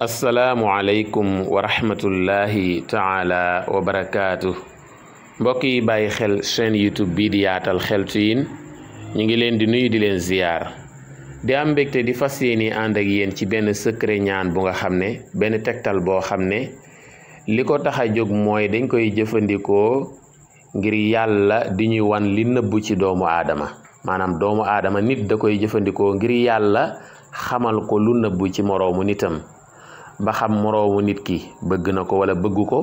asalaamualeykum wa rahmatullahi taala wa barakaatu mbokk yi bàyyi xel chaîne youtube bii di yaatal xeltu yin ñu ngi leen di nuyu di leen ziyaar di am mbégte di fas yéene ànd ak yéen ci benn secret ñaan bu nga xam ne benn tegtal boo xam ne li ko tax a jóg mooy dañ koy jëfandikoo ngir yàlla di ñuy wan li nëbbu ci doomu aadama maanaam doomu aadama nit da koy jëfandikoo ngir yàlla xamal ko lu nëbb ci moroomu nitam ba xam moroomu nit ki bëgg na ko wala bëggu ko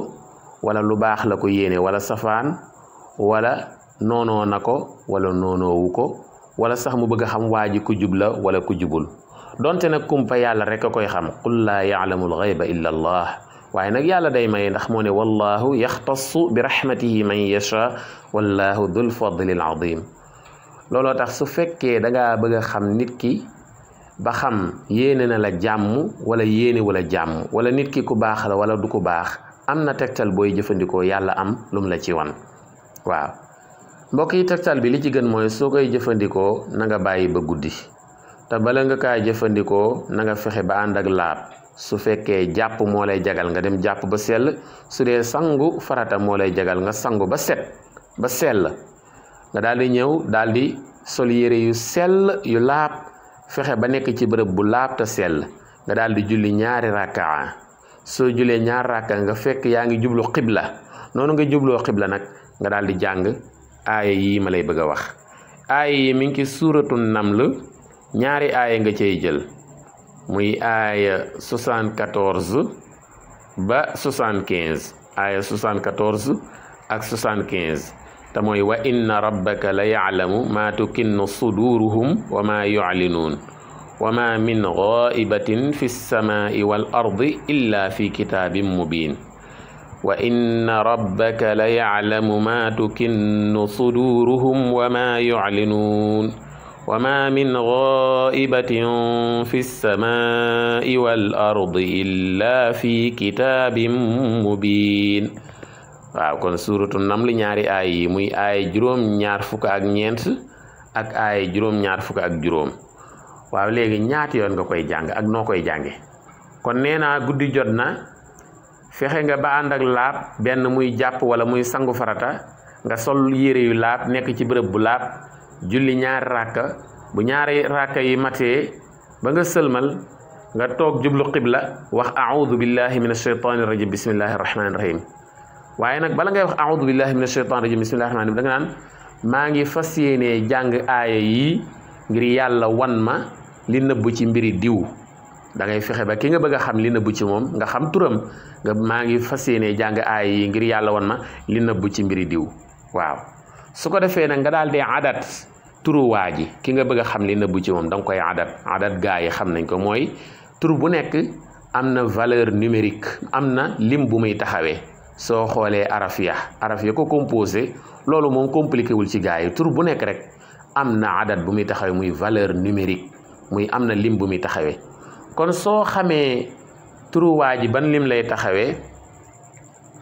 wala lu baax la ko yéene wala safaan wala noonoo na ko wala noonoowu ko wala sax mu bëgg xam waa ji ku jub la wala ku jubul donte nag kumpa yàlla rek a koy xam qul laa yaalamul xayba illa allah waaye nag yàlla day may ndax moo ne wallahu yaxtassu bi rahmatihi man yasha wallahu dul fadlil azim looloo tax su fekkee dangaa bëgg xam nit ki ba xam yéene na la jàmm wala yéene wala jàmm wala nit ki ku baax la wala du ku baax am na tegtal booy jëfandikoo yàlla am lum la ci wan waaw mbokk yi tegtal bi li ci gën mooy soo koy jëfandikoo na nga bàyyi ba guddi te bala nga kaa jëfandikoo na nga fexe ba ànd ak laab su fekkee jàpp moo lay jagal nga dem jàpp ba sell sangu farata moo jagal nga sangu ba set ba nga daal ñëw daal sol yére yu sell yu laab fexe ba nekk ci bërëb bu laab te sell nga daal di julli ñaari rakkaa soo julee ñaari rakkaa nga fekk yaa ngi jublu xibla noonu nga jubloo xibla nag nga daal di jàng aaya yii ma lay bëgg a wax aaya yi mi ngi ci suuratu naml ñaari aaya nga cay jël muy aaya 74 ba 75 aaya 74 ak 75 te mooy wa inna rabbaka la yaclamu maa tukinnu suduuruhum wa maa yuclinuun wa maa min gaa'ibatin fi ssamaa'i wal ardi illaa fi kitaabin mubiin wa inna rabbaka la yaclamu maa tukinnu suduuruhum wa maa yuclinuun wa maa min gaa'ibatin fi ssamaa'i wal ardi illaa fi kitaabin mubiin waaw kon suuratu naml ñaari aay yi muy aay juróom ñaar fukk ak ñeent ak aay juróom ñaar fukk ak juróom waaw léegi ñaati yoon nga koy jàng ak noo koy jànge kon nee naa guddi jot na fexe nga ba ànd ak laab benn muy jàpp wala muy sangu farata nga sol yére yu laab nekk ci bërëb bu laab julli ñaari ràkka bu ñaari ràkka yi matee ba nga sëlmal nga toog jublu xibla wax audu billahi min ashaytaani rajim bismillahi rahmaani rahim waaye nag bala ngay wax aoudu billahi min ashaytan rajim bismillahi rahmani rahim da nga naan maa ngi fas yéenee jàng aaya yi ngir yàlla wan ma li nëbbu ci mbiri diw da fexe ba ki nga bëgg a xam li nëbbu ci moom nga xam maa ngi fas yéenee jàng aaya yi ngir yàlla wan ma li nëbbu ci mbiri diw waaw su ko defee nag nga daal dee adat turuwaa ji ki nga bëgg a xam li nëbbu ci moom da nga koy adat adat gaa yi xam nañ ko mooy tur bu nekk am na valeur numérique am na lim bu muy taxawee soo xoolee araf ya araf ya ko composé loolu moom compliqué wul ci gars yi tur bu nekk rek am na adat bu muy taxawee muy valeur numérique muy am na lim bu muy taxawee kon soo xamee turuwaa ji ban lim lay taxawee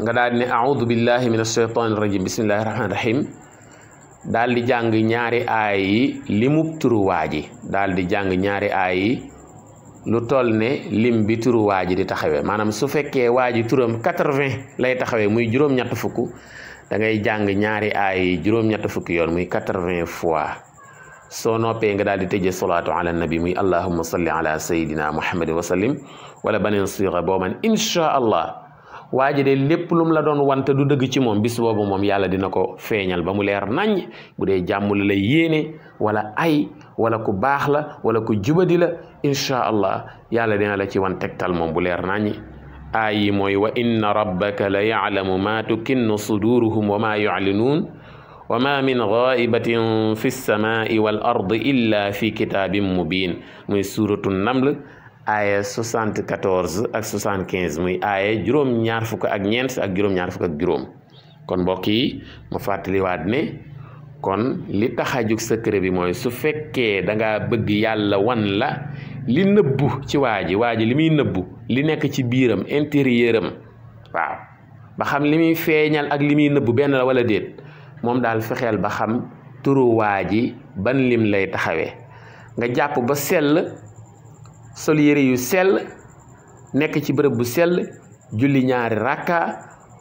nga daal di ne audu billahi min ashaytaani rajim bismillahi rahmaani rahim daal di jàng ñaari aay limu limub turuwaa daal di jàng ñaari aay yi lu toll ne lim bi turu waa ji di taxawee maanaam su fekkee waa ji turam quatre-vingts lay taxawee muy juróom-ñett fukk da ngay jàng ñaari aay juróom-ñett fukki yoon muy quatre-vingts fois soo noppee nga daal di tëjee salaatu ala nabi muy allahumma salli ala sayidina muhammadin wa sallim wala baneen siira boo man inchaa allah waa ji de lépp lu la doon wante du dëgg ci moom bis boobu moom yàlla dina ko feeñal ba mu leer naññ bu dee jàmm la lay yéene wala ay wala ku baax la wala ku jubadi la incha allah yàlla dina la ci wan tegtal moom bu leer naññ ayi yi mooy wa inna rabbaka la yaclamu ma tukinnu suduruhum wa ma yuclinuun wa ma min gaa'ibatin fi lsamaa'i wal illa fi kitaabin mubin muy suratu naml aaya 74 ak 75 muy aaya juróom ñaar fukk ak ñeent ak juróom ñaar fukk ak juróom kon mbokk yi mu fàttaliwaat ne kon li tax a jug bi mooy su fekkee da bëgg yàlla wan la li nëbbu ci waa ji waa ji li muy nëbbu li nekk ci biiram intérieur am waaw ba xam li muy feeñal ak li muy nëbbu benn la wala déet moom daal fexeel ba xam turu waa ji ban lim lay taxawee nga jàpp ba sell. sol yére yu sel nekk ci bërëb bu sell julli ñaari rakka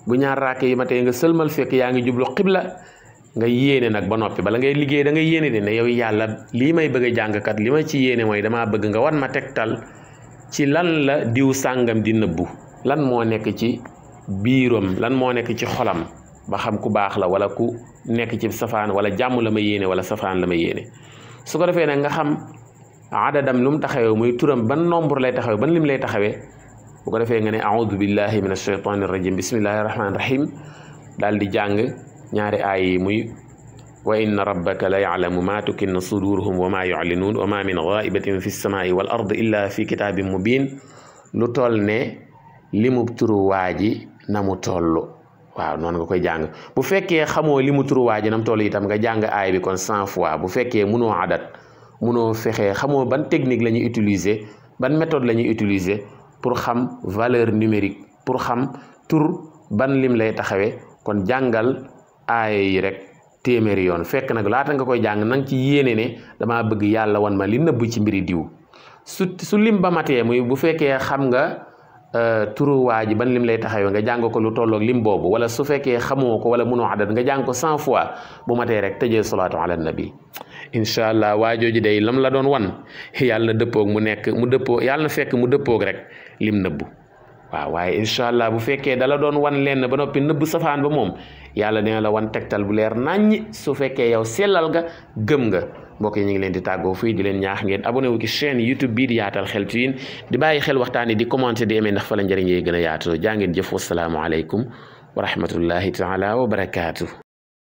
bu ñaari ràkk yi ma tey nga sëlmal fekk yaa ngi jublu xibla nga yéene nag ba noppi bala ngay liggéey da nga yéene di ne yow yàlla lii may bëgg a jàngkat li ma ci yéene mooy dama bëgg nga wan ma tegtal ci lan la diw sàngam di nëbbu lan moo nekk ci biiram lan moo nekk ci xolam ba xam ku baax la wala ku nekk ci safaan wala jàmm la ma yéene wala safaan la ma yéene su ko defee nag nga xam adadam lu mu taxawee muy turam ban nombre lay taxawee ban lim lay taxawee bu ko defee nga ne audu billahi min ashaytani rajim bismillahi rahmani rahim daal di jàng ñaari aay yi muy wa inna rabbaka la yalamu ma tukinnu suduruhum wa ma yuclinuun wa ma min gaibatin fi lsamaai wal ard illa fi kitaabin mubin lu tol ne li mu turuwaa ji na mu toll waaw noonu nga koy jàng bu fekkee xamoo li mu turuwaa ji na mu nga jàng aay bi kon cent fois bu fekkee munoo adat munoo fexee xamoo ban technique la ñuy utiliser ban méthode la ñuy utiliser pour xam valeur numérique pour xam tour ban lim lay taxawee kon jàngal aaya yi rek téeméeri yoon fekk nag laata nga koy jàng na nga ci yéene ne damaa bëgg yàlla wan ma li nëbb ci mbiri diw su su lim ba matee muy bu fekkee xam nga Euh, turu waa ji ban lim lay taxawee nga jàng ko lu tolloog lim boobu wala su fekkee xamoo ko wala mënoo adat nga jàng ko cent fois bu matee rek tëjee salaatu ala nabi incha allah waajooji day lam la doon wan yàlla na mu nekk mu dëppoo yàlla fekk mu dëppoog rek lim nëbbu waaw waaye incha allah bu fekkee dala doon wan lenn ba noppi nëbbu safaan ba moom yàlla dina la wan tegtal bu leer naññ su fekkee yow selal nga gëm nga mbokk yi ñu ngi leen di tàggoo fii di leen ñaax ngeen abonné wu ci YouTube bii di yaatal xel ci di bàyyi xel waxtaan yi di commenté di aimé ndax fa la njëriñ yee gën a yaatoo jaa ngeen jëf wasalaamualeykum wa rahmatullahi taala wa